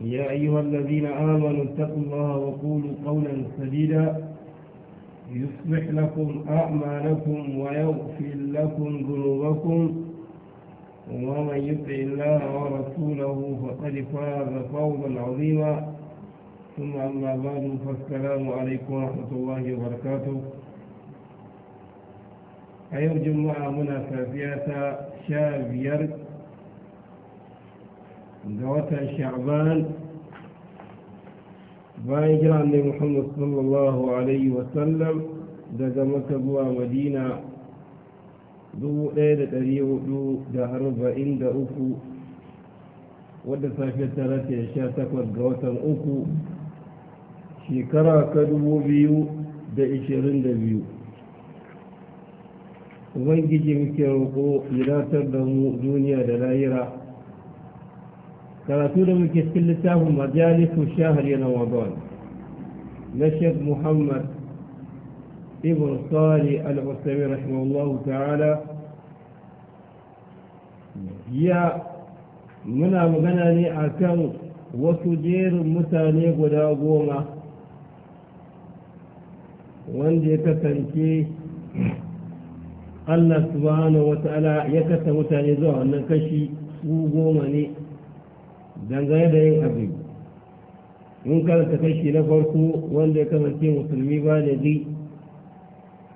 يا أيها الذين آمنوا اتقوا الله وقولوا قولا سديدا يصلح لكم أعمالكم ويغفر لكم ذنوبكم ومن يطع الله ورسوله فقد فاز فوزا عظيما ثم أما بعد فالسلام عليكم ورحمة الله وبركاته أيوة الجمعة منا منافية شاب يرد ga شعبان bayan jira ne muhammad sallallahu alaihi wasallam daga maka zuwa madina 1443 wadda safiyar tara ta ya sha takwas ga watan uku shekara ka 2022 ubangiji muke roƙo idatar da mu duniya da lahira تراتول من كتكل تاهم مجالس الشهر ينوضان نشد محمد ابن صالي العثمي رحمه الله تعالى يا منا مغناني أكام وسجير متاني قد أقوم وندي كتنكي الله سبحانه وتعالى يكتب متاني ذو أنكشي وقومني dangane da yin azumi in karanta kashi na farko wanda ya kasance musulmi ba da zai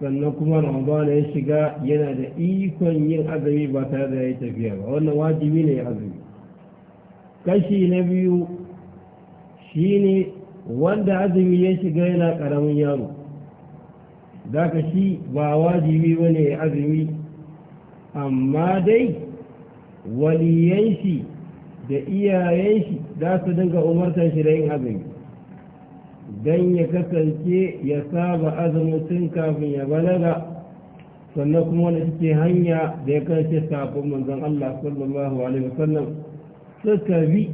sannan kuma ramadana ya shiga yana da ikon yin azumi ba tare da ya tafiya ba wannan wajibi ne azumi kashi na biyu shine wanda azumi ya shiga yana karamin yaro daga shi ba wajibi ba ne azumi amma dai waliyan shi da iyayen shi za su dinga umartar shi da yin azumi don ya kasance ya saba azumin tun kafin ya balaga sannan kuma wanda suke hanya da ya karshe sabon manzon Allah sallallahu alaihi wasallam suka bi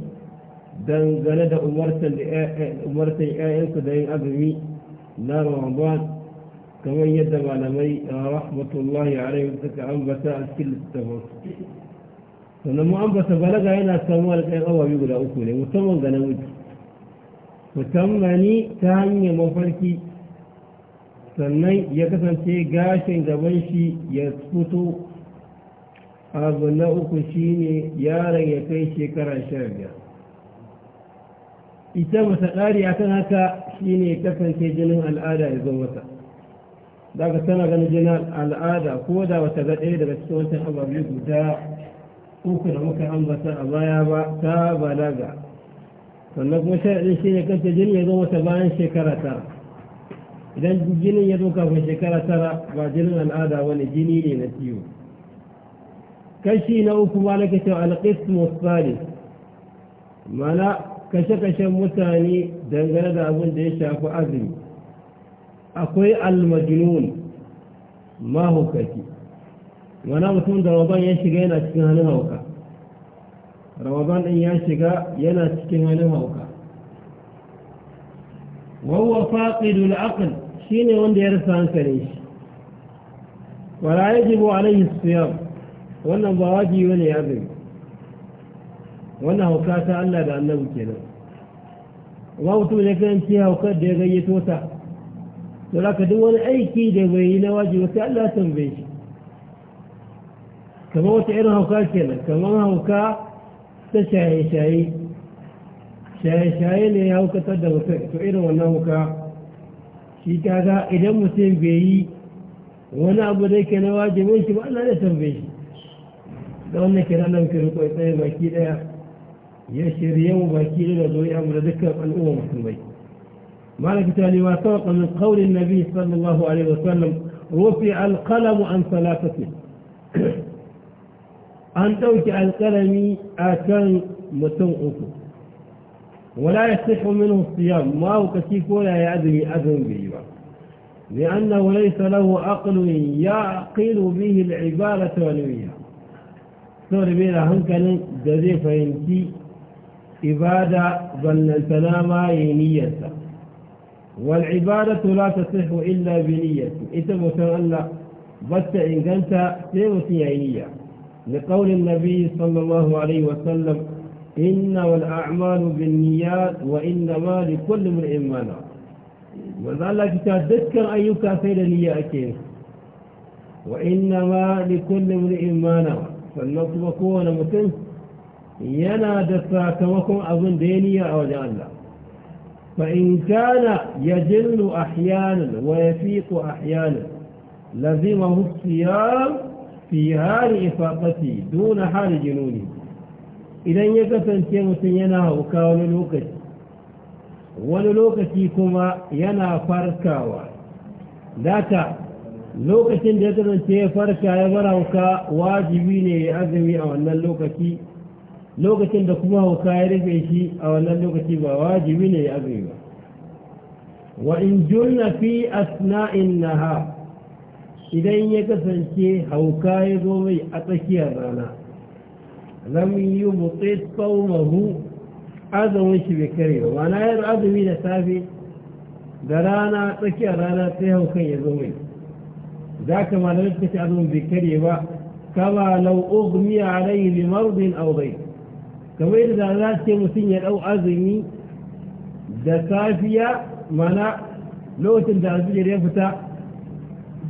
dangane da umartar ‘ya'yansu da yin azumi na Ramadan kamar yadda malamai rahmatullahi alaihi suka ambata a cikin littafansu sannan mu ambata balaga yana samuwa da tsayin awa biyu guda uku ne musamman ga namiji musamman ta hanyar mafarki sannan ya kasance gashin gaban shi ya fito abu na uku shine yaron ya kai shekara sha biyar ita mata ƙari akan haka shine kasance jinin al'ada ya zo mata za ka tana ganin jinin al'ada ko da wata ga ɗaya daga cikin wancan ababe guda uku da muka ambata a baya ba ta balaga sannan kuma sharaɗin shi ne kanta jini ya zo mata bayan shekara tara idan jinin ya zo kafin shekara tara ba jinin al'ada wani jini ne na ciwo kashi na uku ma na kashe alƙismus tsari mana kashe-kashen mutane dangane da abin da ya shafi azumi akwai almajinun mahaukaci Wani mutum da rawaban ya shiga yana cikin halin hauka rawaban ɗin ya shiga yana cikin halin hauka wawa faƙidul shi ne wanda ya rasa hankali shi wala yajibu alaihi siyam wannan ba waji bane ya zai wannan hauka ta Allah da annabu, kenan ba mutum ne kan ce haukar da ya gayyato ta to laka duk wani aiki da bai yi na waji sai Allah tambaye shi kamar wata irin hauka kenan kamar hauka ta shaye-shaye shaye-shaye ne ya haukatar da mutum to irin wannan hauka shi kaga idan mutum bai yi wani abu da yake na wajibin shi ba Allah ne tambaye shi da wannan kira nan ka riko tsaye baki daya ya shirye mu baki daya da zo ya mu da dukkan al'umma musulmai مالك تالي وسبق من قول النبي صلى الله عليه وسلم رفع القلم عن ثلاثة أن توجع القلم آكان kan ولا uku منه الصيام ما هو siyam ولا hukaci أذن ya لأنه ليس له عقل يعقل به العبارة والنية سورة بيلا هنكل جزي ينتي إبادة بلنتنا ما ينية والعبادة لا تصح إلا بنية إتبت الله بس إن كنت سيوتي عينية لقول النبي صلى الله عليه وسلم إن والأعمال بالنيات وإنما لكل امرئ ما نوى نعم. وذا تذكر أيك سيد نياتك وإنما لكل امرئ ما نوى نعم. مثل كون متن ينا دساكمكم أظن ديني أو الله فإن كان يجل أحيانا ويفيق أحيانا لزمه الصيام fi hali ifaqati duna hali jununi idan ya kasance mutum yana hauka wani lokaci wani lokaci kuma yana farkawa data lokacin da ya kasance ya farka ya bar hauka wajibi ne ya azumi a wannan lokaci lokacin da kuma hauka ya rufe shi a wannan lokaci ba wajibi ne ya azumi ba wa in junna fi asna'in nahar idan ya kasance hauka ya zo mai a tsakiyar rana lam yi mutse tsaunahu azumin shi bai kare ba mana yin azumi da safe da rana tsakiyar rana sai haukan ya zo mai za ka malar ta ce azumin bai kare ba kama lau ugmi a rai limardin aurai kamar yadda za ce mutum ya ɗau azumi da safiya mana lokacin da azumi ya fita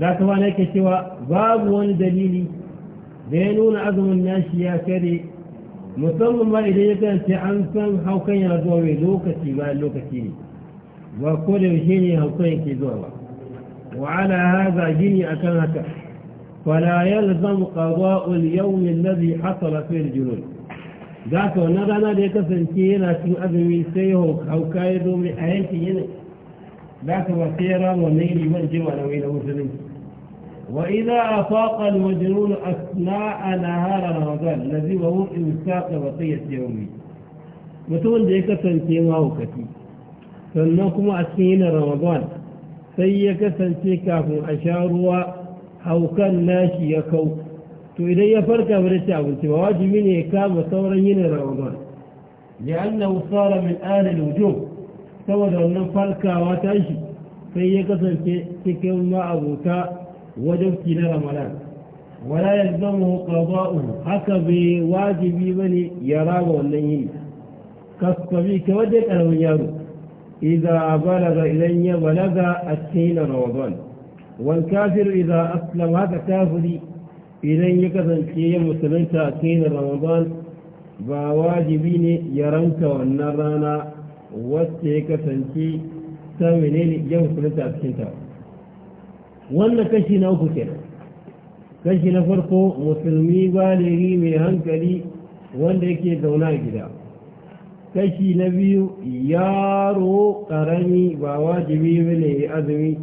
za ka wani yake cewa babu wani dalili da ya nuna azumin nashi ya kare musamman ma idan ya kasance an san haukan yana zuwa mai lokaci bayan lokaci ne ba ko da yaushe ne haukan yake zuwa ba وعلى هذا جني أكنك فلا يلزم قضاء اليوم الذي حصل فيه الجنون ذاك ونرانا ديك سنتين أكن أبمي سيهو أو كايدو من أهيك ينك ذات وثيرا ونيل الوجه ونويل وجنين وإذا أفاق المجنون أثناء نهار رمضان الذي وهو إمساق بقية يومه متون ديكا سنتين وأوكتي سنكم أثنين رمضان سيك سنتيكا في أشار وحوكا ناشي يكو تو إذا يفرك أبرتا أبنتي وواجب مني كام ثورا رمضان لأنه صار من آل الوجوب saboda wannan falkawa ta shi sai ya kasance cikin ma'abuta wajen na ramadan wala ya zama ƙaba'un haka bai wajibi ba ne ya raba wannan yini kasabi kamar dai ƙaramin yaro balaga إذا بلغ إلي بلغ السين رمضان والكافر إذا أسلم هذا كافر إلي كذن كي مسلمت السين رمضان ba wajibi ne ya ranka wannan rana wacce ya kasance ta menene ya musulunta a cikin ta wannan kashi na uku kenan kashi na farko musulmi baligi mai hankali wanda yake zauna a gida kashi na biyu yaro karami ba wajibi ne ya azumi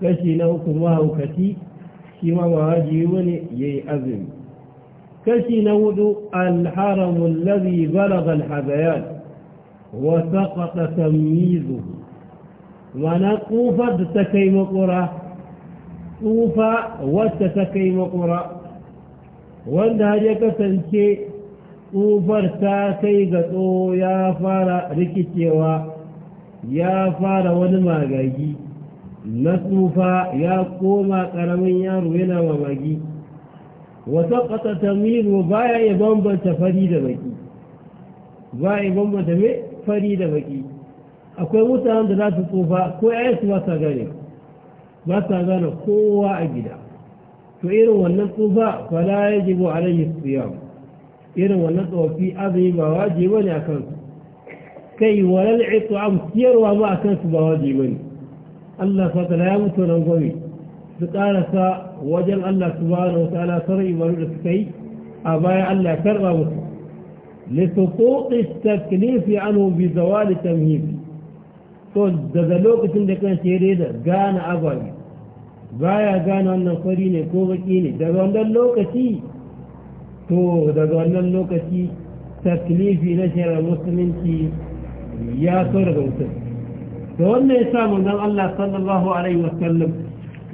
kashi na uku mahaukaci shi ma ba wajibi ne ya yi azumi kashi na hudu alharamun lazi balagal hazayan وسقط تمييزه معنى قوفة تكي مقرى قوفة وتتكي مقرى وانها يكسن شيء قوفر تاكي قطو يا فارا ركتوا يا فارا ونما قاجي نسوفا يا قوما قرمين يا روينا وماجي وسقط تمييز وبايا يبنبن تفريد بكي بايا يبنبن تمييز fari da baki akwai mutanen da za su tsofa ko yayansu ba sa gane ba sa gane kowa a gida to irin wannan tsofa fala ya jibo alayhi siyam irin wannan tsofi azumi ba waje bane a kansu kai walal itu am siyarwa ba a kansu ba waje bane Allah fatala ya mutu nan gwami su karasa wajen Allah subhanahu wa ta'ala sarai da suka yi a baya Allah karba musu لسقوط التكليف عنه بزوال تمهيد to daga lokacin da kan shere da gane agwami baya gane wannan fari ne ko baki ne daga wannan lokaci to daga wannan lokaci taklifi na shirar musulunci ya so daga mutum da wannan ya samu don Allah sallallahu alaihi wasallam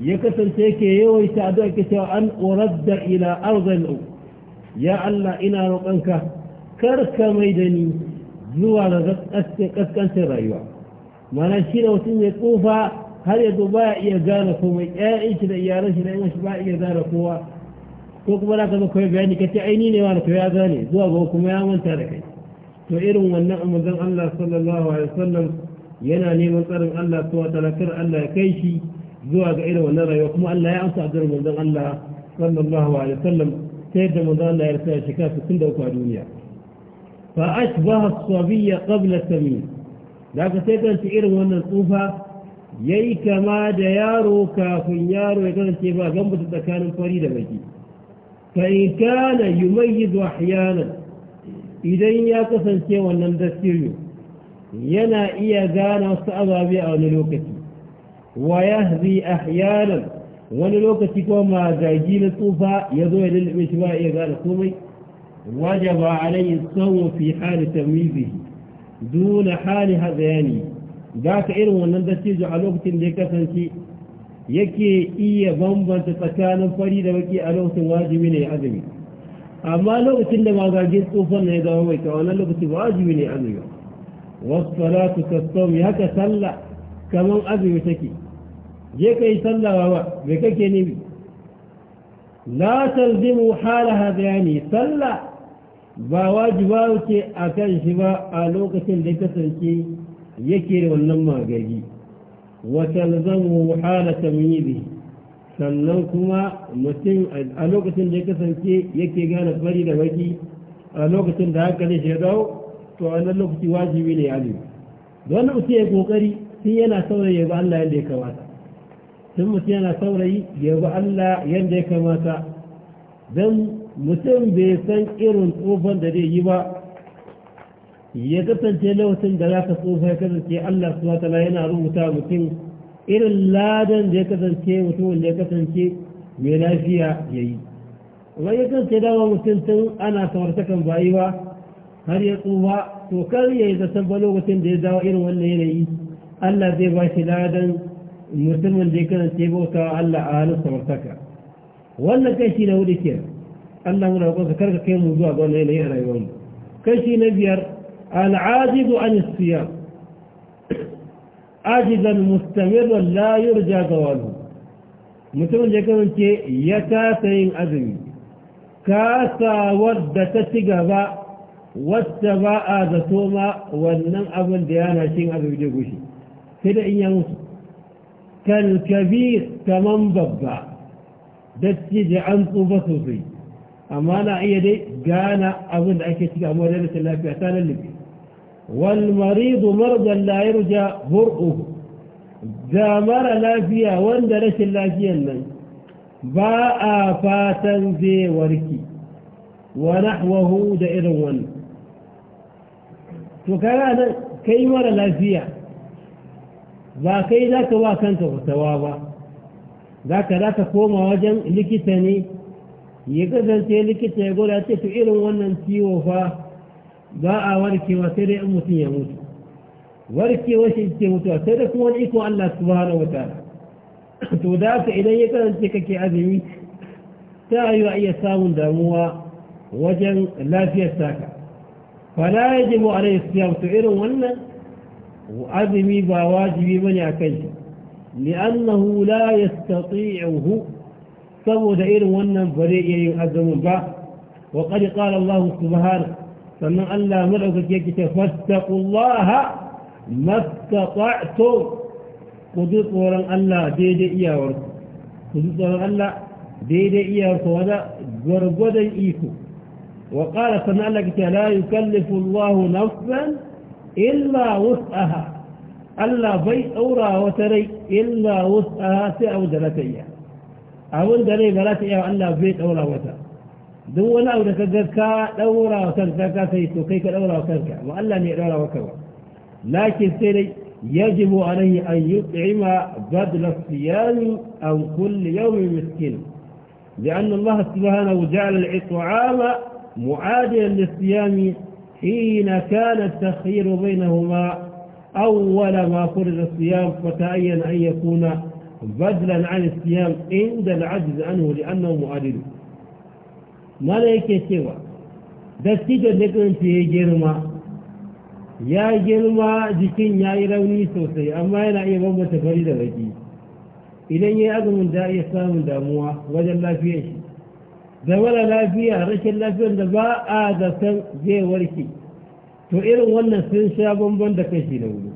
ya kasance yake yawaita addu'a ke cewa an uradda ila arzal ya Allah ina roƙonka كرك ميدني زوال قد كنت رأيوا ما نشينا وسن يقوفا هل يدباء يزاركم ايش ليارش ليش باء يزاركوا تقبل هذا بكوي بياني كتعينين يوانك يا ذاني زوالكم يا من تركي تؤيرون والنعم ذن الله صلى الله عليه وسلم ينا نيمان قرم الله سوى تلكر الله كيشي زوال إلى ونرى يوكم الله يأنسى عدر من ذن الله صلى الله عليه وسلم سيد من ذن الله يرسل شكاة سندوك الدنيا فأشبه الصبي قبل سمين ذاك سيكون شعير وأن الطوفة يي كما ديارو كافن يارو يكون شبا جنب تتكان فريدة بجي فإن كان يميز أحيانا إذا يكسن شيء وأن ندسيره ينا إيا غانا بي أو نلوكتي ويهدي أحيانا wani lokaci kuma ma zagi na tsufa ya zo ya وجب عليه الصوم في حال تمييزه دون حال هذياني ذاك إرم ونندسيج على وقت لكسنتي yake iya bambanta tsakanin fari da baki a lokacin wajibi ne azumi amma lokacin da magagin tsufan ne zama mai kawo na lokacin wajibi ne azumi wasu salatu kastomi haka sallah kamar azumi take je ka yi sallah ba bai kake nemi la talzimu hala hadiyani sallah ba wajiba wuce a kan shi ba a lokacin da kasance yake da wannan magari zama zamu ta yi sannan kuma mutum a lokacin da ya kasance yake gane fari da baki a lokacin da haka zai ya to a nan lokaci wajibi ne alim don mutum ya kokari sun yana saurayi ya ba Allah yadda ya kamata sun mutum yana saurayi ya ba Allah yadda ya kamata don mutum bai san irin tsofan da zai yi ba ya kasance lokacin da za ka tsofa ya kasance Allah su watala yana rubuta mutum irin ladan da ya kasance mutumin da ya kasance mai lafiya ya yi amma ya kasance dama mutum tun ana samartakan bayi ba har ya tsufa to kar ya yi zaton ba lokacin da ya dawo irin wannan yanayi Allah zai ba shi ladan mutumin da ya kasance bautawa Allah a halin samartaka wannan kai shi na wuri kenan أنه نقول ذكرك كي موضوع دون ليلة يهرى يوم كيشي نذير العاجز عن الصيام عاجزا مستمرا لا يرجى دوانه مثل يقول لك يتاسين أذن كاسا ود تتقبا واتبا آذتوما ونن أبن ديانا شين أذن جيبوشي كده إن يموت كالكبير تمام ببا دتي عن بسوطي amma na iya dai gane abin da ake ciki amma da rashin lafiya ta lallabe wal maridu mardan la yarja bur'uhu ga mara lafiya wanda rashin lafiyan nan ba a fatan zai warki wa nahwahu da irin wannan to kana nan kai mara lafiya ba kai za ka wa kanka fitawa ba za ka za ka koma wajen likita ne يقدر تلك تقول أتفعل وننسي وفا باء وركي وترى أموتي يموت وركي وش يموت وترى كون إكو الله سبحانه وتعالى تدافع إليك أن تكك عزمي تأيو أي سام دموا وجن لا في الساكة فلا يجب عليه الصيام تعير ون وأزمي بواجبي من يعكج لأنه لا يستطيعه saboda irin wannan ba zai iya yin azumin ba wa qad qala Allah subhanahu sannan Allah madaukake yake ce fastaqullaha mastata'tum ku ji tsoron Allah daidai iyawarku ku ji tsoron Allah daidai iyawarku wada gwargwadon iko wa qala sannan Allah yake ce la yukallifu Allah nafsan illa wus'aha Allah bai tsaura wata rai illa wus'aha sai abu da abin da rai ba za ta iya Allah zai ɗaura wata duk wani abu da ka ga ka ɗaura wa kanka ka sai to kai ka ɗaura wa kanka ba Allah ne ya ɗaura wa kanka lakin sai dai يجب عليه أن يطعم بدل الصيام أو كل يوم مسكين لأن الله سبحانه جعل الإطعام معادلا للصيام حين كان التخير بينهما أول ما فرض الصيام فتأين أن يكون بدلا عن الصيام عند العجز عنه لأنه مؤدل ما لا يكي سوى dattijo da kanta ya girma ya girma jikin ya yi rauni sosai amma yana iya bambanta fari da baki idan ya yi azumin da iya samun damuwa wajen lafiyar shi zamana lafiya rashin lafiyar da ba a zaton zai warke to irin wannan sun sha bamban da kashi na wuri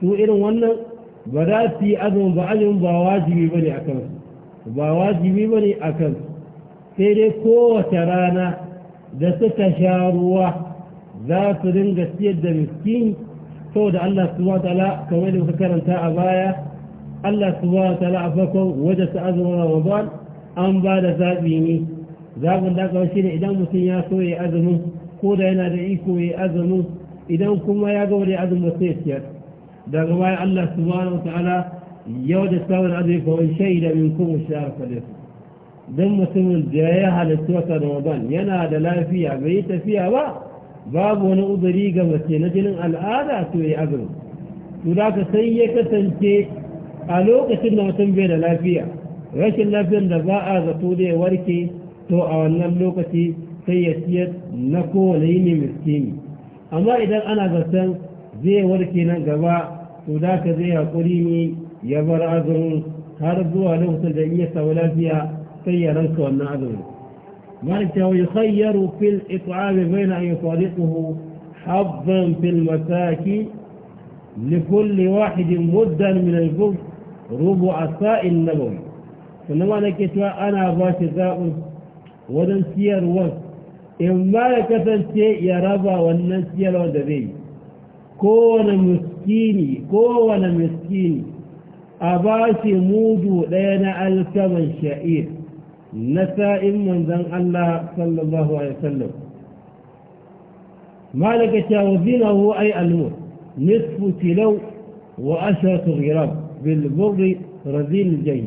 su irin wannan ba za su yi azumin ba azumin ba wajibi ba ne a kansu ba wajibi ba ne a kansu sai dai kowace rana da suka sha ruwa za su dinga siyar da miskin saboda Allah subhanahu ta'ala kamar da muka karanta a baya Allah subhanahu ta'ala a farkon wajen su azumin Ramadan an ba da zaɓi ne zaɓin da aka shi ne idan mutum ya so ya azumin ko da yana da iko ya azumin idan kuma ya ga wani azumin sai siyar daga baya Allah subhanahu ta'ala yau da sauran azumi ko in shaida min kun shahar falifu don mutumin da ya halittu wata ramadan yana da lafiya bai yi tafiya ba babu wani uzuri ga mace na jinin al'ada to ya azumi to da ka sai ya kasance a lokacin da mutum bai da lafiya rashin lafiyar da ba a zato da ya warke to a wannan lokaci sai ya siyar na kowane yini miskini amma idan ana zaton zai warke nan gaba to زي ka zai haƙuri ne ya bar azumin har zuwa lokacin da iya مالك يخير في الإطعام بين أن يطالقه حظا في المساكي لكل واحد مدا من الجبس ربع ساء النبوي فإنما أنا كتوى أنا باش ذاؤه ودن سير وقت إما يكتن تنسي يا ربا والنسير ذي كون مسلم miskini kowane miskini a ba shi mudu ɗaya na alkaman sha'ir na sa'in manzan Allah sallallahu Alaihi wasallam malaka shawazinahu ai almur nisfu tilau wa ashratu ghirab bil burri razil jayi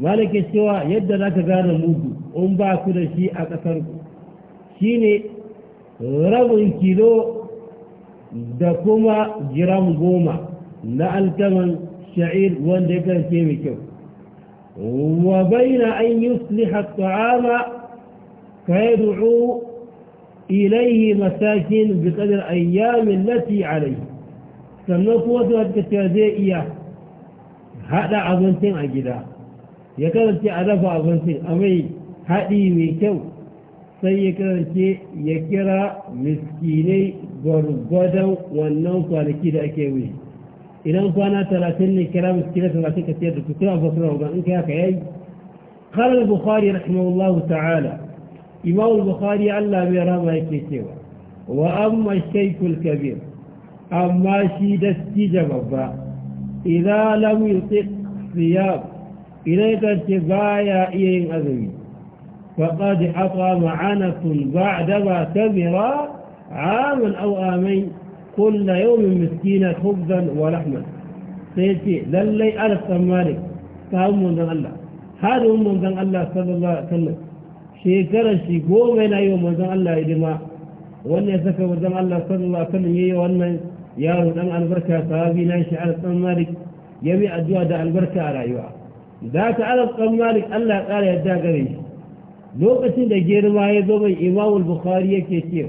malaka cewa yadda zaka gane mudu in ba ku da shi a ƙasar ku shine rabin kilo da kuma giram goma na alkaman sha'ir wanda ya karfe mai kyau wa baina an yusliha ta'ama ka yad'u ilayhi masakin bi qadar ayyam allati alayhi sannan kuma sai ka ce zai iya hada abincin a gida ya karance a dafa abincin a mai haɗi mai kyau sai ya karance ya kira miskinai gwargwadon wannan kwanaki da ake wuyi idan kwana talatin ne kira musu kira كثير ka siyar da su قال البخاري رحمه الله تعالى إمام البخاري ألا يرى ما يكتوى وأما الشيخ الكبير أما شيد السجبب إذا لم يطق ثياب إليك اتبايا إيه أذوي فقد حطم معنف بعدما تمر عاما أو آمين كل يوم مسكينة خبزا ولحما سيأتي للي ألف سمالك كهم من ذن الله هذا هم من ذن الله صلى الله عليه وسلم شكرا شكو من أيوم من ذن الله إدماء وأن يسكى من ذن الله صلى الله عليه وسلم يي وأن يا ذن البركة صحابي ناشي على سمالك يبي أدوى دا البركة على أيوة ذات على سمالك الله قال يدى قريش لوقت دا جير ما يدوبي إمام البخاري كتير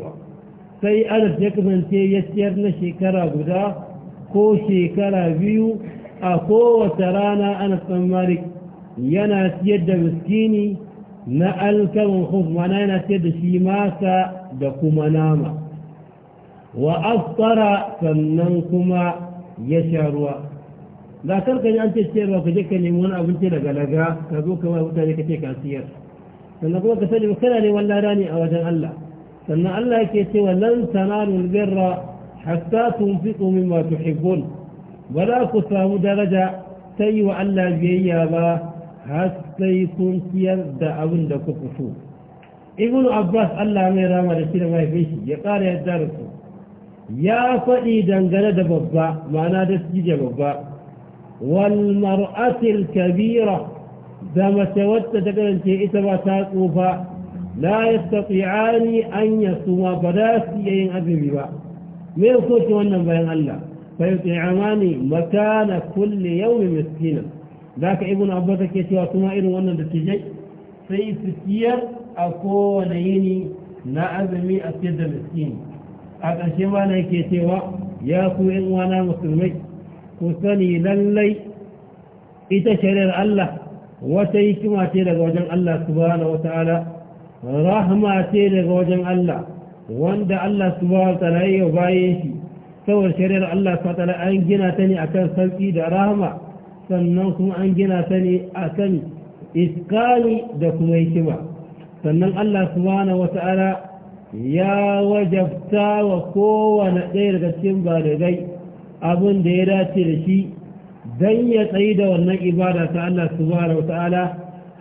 sai anas ya kasance ya siyar na shekara guda ko shekara biyu a kowace rana anas ɗan malik yana siyar da miskini na alkaman khuf mana yana siyar da shi masa da kuma nama wa aftara sannan kuma ya sha ruwa da karka yi an ce cewa ka je ka nemi wani abinci daga laga ka zo ka wani mutane ka ce ka siyar sannan kuma ka sani kana neman lada ne a wajen Allah فإن الله كيتوى لن تنالوا البر حتى تنفقوا مما تحبون ولا كثاب درجة سيوى ألا جيابا حتى يكون سيرد أبن لكفشون ابن عباس الله ميرا ما رسينا ما يفيش يقال يا دارك يا فئيدا قلد ببا ما نادت جيجا ببا والمرأة الكبيرة دام توتت قلن تي إتبا تاقوفا la yastati'ani an yasuma ba da su iya yin azumi ba me ya soke wannan bayan Allah fa yut'amani makana kulli yawmin miskina zaka ibnu abbas ke cewa kuma irin wannan da tijai sai su ciyar a kowane yini na azumi a ciyar da miskini a ƙarshe ma na yake cewa ya ku yan wana musulmai ku sani lallai ita shari'ar Allah wata hikima ce daga wajen Allah subhanahu wa ta'ala rahama ce daga wajen Allah wanda Allah subhanahu ta'ala ya baye shi saboda shari'ar Allah subhanahu ta'ala an gina ta ne akan sauki da rahama sannan kuma an gina ta ne akan iskali da kuma hikima sannan Allah subhanahu ta'ala ya wajabta wa kowane ɗaya daga cikin baligai abin da ya dace da shi don ya tsayi da wannan ibada ta Allah subhanahu ta'ala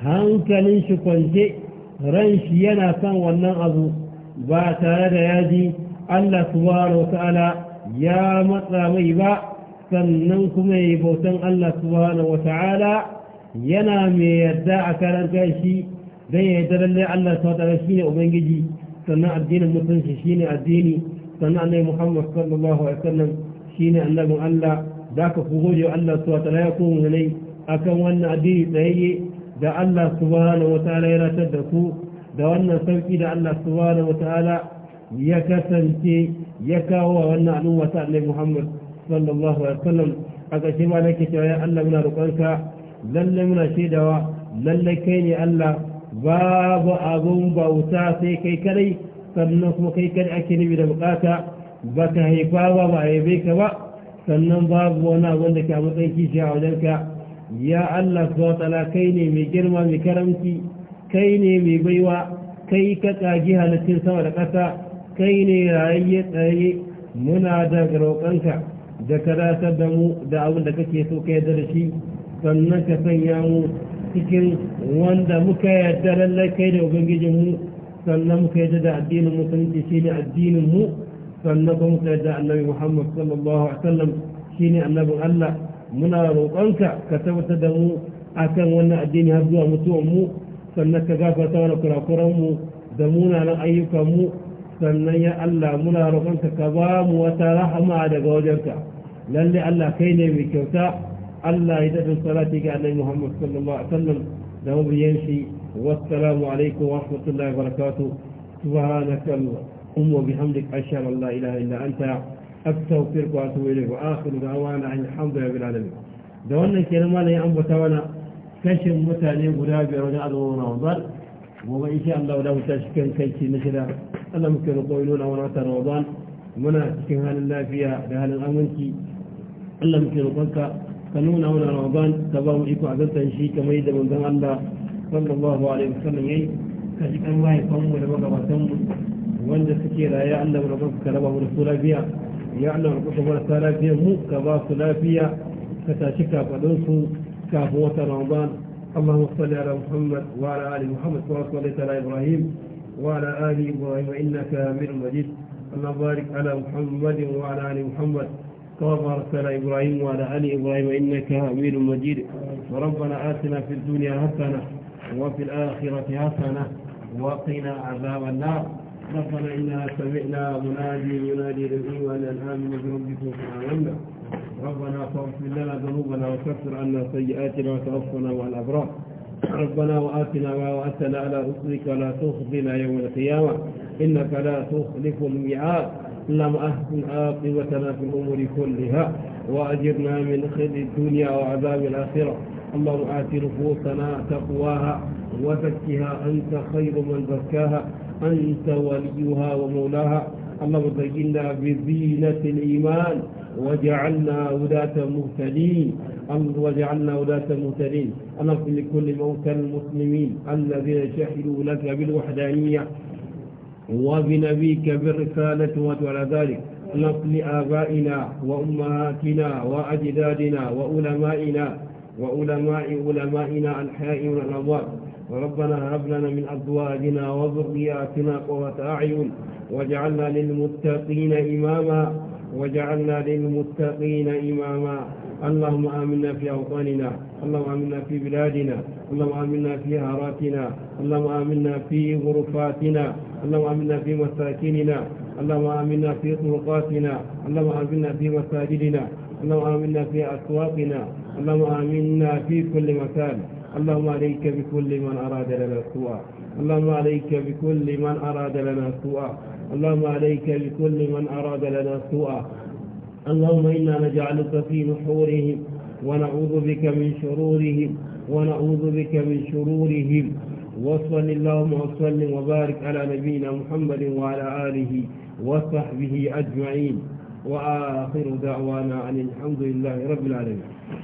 hankalin shi kwance ran yana kan wannan abu ba tare da ya ji Allah subhanahu wata'ala ya matsa mai ba sannan kuma ya yi bautan Allah subhanahu wata'ala yana mai yarda a karan shi don ya yarda lallai Allah subhanahu wata'ala ne ubangiji sannan addinin mutunci shi ne addini sannan annabi Muhammad sallallahu alaihi wasallam ne annabin Allah da ka ku gode Allah subhanahu wata'ala ya komo ne akan wannan addini tsayayye da Allah subhanahu wataala ya ratar da ku da wannan sauki da Allah subhanahu wataala ya kasance ya kawo wa wannan al'umma ta Annabi Muhammad sallallahu alaihi wasallam a ƙarshe ma nake cewa ya Allah muna roƙonka lalle muna shaidawa lalle kai ne Allah babu abun bauta sai kai kadai sannan kuma kai kadai ake nufi da bukata baka haifa ba ba a haife ka ba sannan babu wani abun da ke a matsayin kishiya a wajenka يا الله فوتلا كيني مي جرما مي كرمتي كيني مي بيوا كي كتاجيها لتنسا ورقسا كيني رأيي تأيي منا داك روكنك ذكرا سدمو دا أول لك كيسو كيدرشي فنك سنيامو تكن واندا مكا يدر الله كيد وبنجمو سنمو كيد دا الدين المسلمتي سيد الدين مو سنمو كيد دا النبي محمد صلى الله عليه وسلم سيد النبي الله muna roƙonka ka tabbata da mu akan wannan addini har zuwa mutuwan mu sannan ka gafarta mana kurakuran mu da munanan ayyukan mu sannan ya Allah muna roƙonka ka ba mu wata rahama daga wajenka lalle Allah kai ne mai kyauta Allah ya dadin salati ga Annabi Muhammad sallallahu alaihi wasallam da mabiyan shi wassalamu alaikum wa rahmatullahi wa barakatuh subhanaka allahumma wa bihamdika ashhadu an la ilaha illa anta التوفير واتوب اليه واخر دعوانا ان الحمد لله رب العالمين ده ولن كلمه لا ينبت وانا كشف متاني غرابي رجع دورنا وضل وما ان شاء الله لو تشكن كيتي مثلا الله ممكن يقولون وانا ترى رمضان منا كان الله فيها بهذا الامر الله ممكن يقولك كنون اولا رمضان تبعوا ايكو عزلتا شيء كما يدب ان ذن الله صلى الله عليه وسلم إيه؟ كشف الله يقوم ولبقى وتم وانجا سكيرا يا الله ربك كلمه رسولا فيها يعلم Allah rubuta marasa lafiya mu ka ba su lafiya ka اللهم صل على محمد وعلى آل محمد كما صليت على إبراهيم وعلى آل إبراهيم إنك أمير مجيد اللهم بارك على محمد وعلى آل محمد كما باركت على إبراهيم وعلى آل إبراهيم إنك أمير مجيد وربنا آتنا في الدنيا حسنة وفي الآخرة حسنة وقنا عذاب النار ربنا إنا سمعنا منادي ينادي للإيمان أن آمنوا بربكم فآمنا ربنا فاغفر لنا ذنوبنا وكفر عنا سيئاتنا وتوفنا مع الأبرار ربنا وآتنا ما وأتنا على رسلك ولا تخزنا يوم القيامة إنك لا تخلف الميعاد لم أحسن عاقبتنا في الأمور كلها وأجرنا من خزي الدنيا وعذاب الآخرة اللهم آت نفوسنا تقواها وزكها أنت خير من زكاها أنت وليها ومولاها اللهم زينا بزينة الإيمان وجعلنا ولاة مهتدين وجعلنا ولاة مهتدين الله لكل موتى المسلمين الذين شهدوا لك بالوحدانية وبنبيك بالرسالة وعلى ذلك اللهم لآبائنا وأمهاتنا وأجدادنا وعلمائنا وعلماء علمائنا الحياء والأموات ربنا هب لنا من أزواجنا وذرياتنا قوة أعين واجعلنا للمتقين إماما واجعلنا للمتقين إماما اللهم آمنا في أوطاننا اللهم آمنا في بلادنا اللهم آمنا في هاراتنا اللهم آمنا في غرفاتنا اللهم آمنا في مساكننا اللهم آمنا في طرقاتنا اللهم آمنا في مساجدنا اللهم آمنا في أسواقنا اللهم آمنا في كل مكان اللهم عليك بكل من أراد لنا سوءا اللهم عليك بكل من أراد لنا سوءا اللهم عليك بكل من أراد لنا سوءا اللهم إنا نجعلك في نحورهم ونعوذ بك من شرورهم ونعوذ بك من شرورهم وصل اللهم وسلم وبارك على نبينا محمد وعلى آله وصحبه أجمعين وآخر دعوانا أن الحمد لله رب العالمين